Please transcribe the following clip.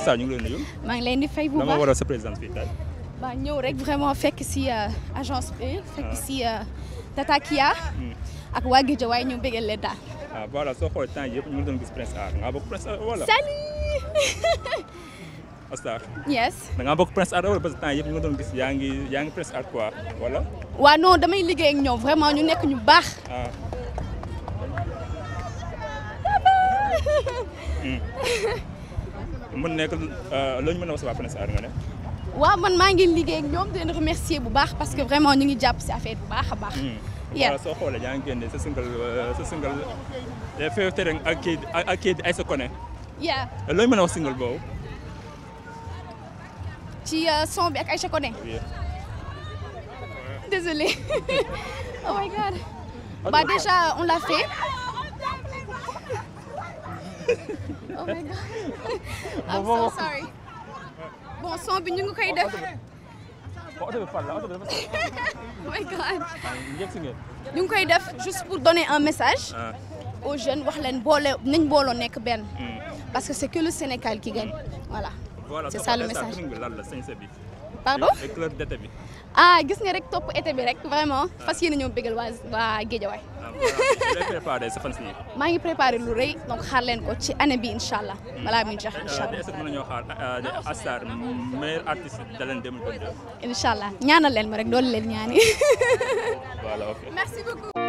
Asta ñu ngi lay nuyu. maa ngi leen di fay bu baax dama sa présidence fii tey. waaw ñëw rek vraiment fekk si euh, agence bi fekk ah. si euh, Tata Kia. Hmm. ak waa Guédiawaye ñu bëggal leen daal. Ah, soo xoolee temps yëpp ñu ngi doon gis Prince Art nga bokk Prince Art wala. salut. Asta. yes da ngaa Prince Art wala parce que gis yaa ngi yaa ngi quoi wala. damay liggéey ak ñoom vraiment ñu nekk ñu baax. Ah. mën nekk euh, loo ñu mën a wax si waa PNSAR nga ne. waaw man maa ngi liggéey ak ñoom di remercier bu baax parce que vraiment ñu ngi jàpp si affaire bu baax a baax. waaw hmm. soo xoolee yaa ngi génne sa single euh, sa single euh, feew tere ak kii ak ay sa kone. yaa a wax single boobu. ci son bi ak Aïcha désolé oh déjà on l'a fait. o oh my god I'm so sorry bon son bi ñu ngi koy def. oto bi fan la oto bi dafa oh my god ñu ngi koy def juste pour donner message. Ah. aux wax leen boole nañ booloo nekk benn. Hmm. parce que c' est que le Sénégal qui gagne voilà. c' est ça le message pardon ah, gis nga rek top été bi rek vraiment ah. fas yéene ñoo bégal waa waa Guédiawaye préparé sa fan maa ngi préparé lu rëy donc xaar leen ko ci année bi incha allah. balaa muy jeex euh, incha a est-ce que mën nañoo xaar euh, Astar meilleur artiste de l'année 2022. incha allah ñaanal leen ma rek doon leen ñaani. voilà ok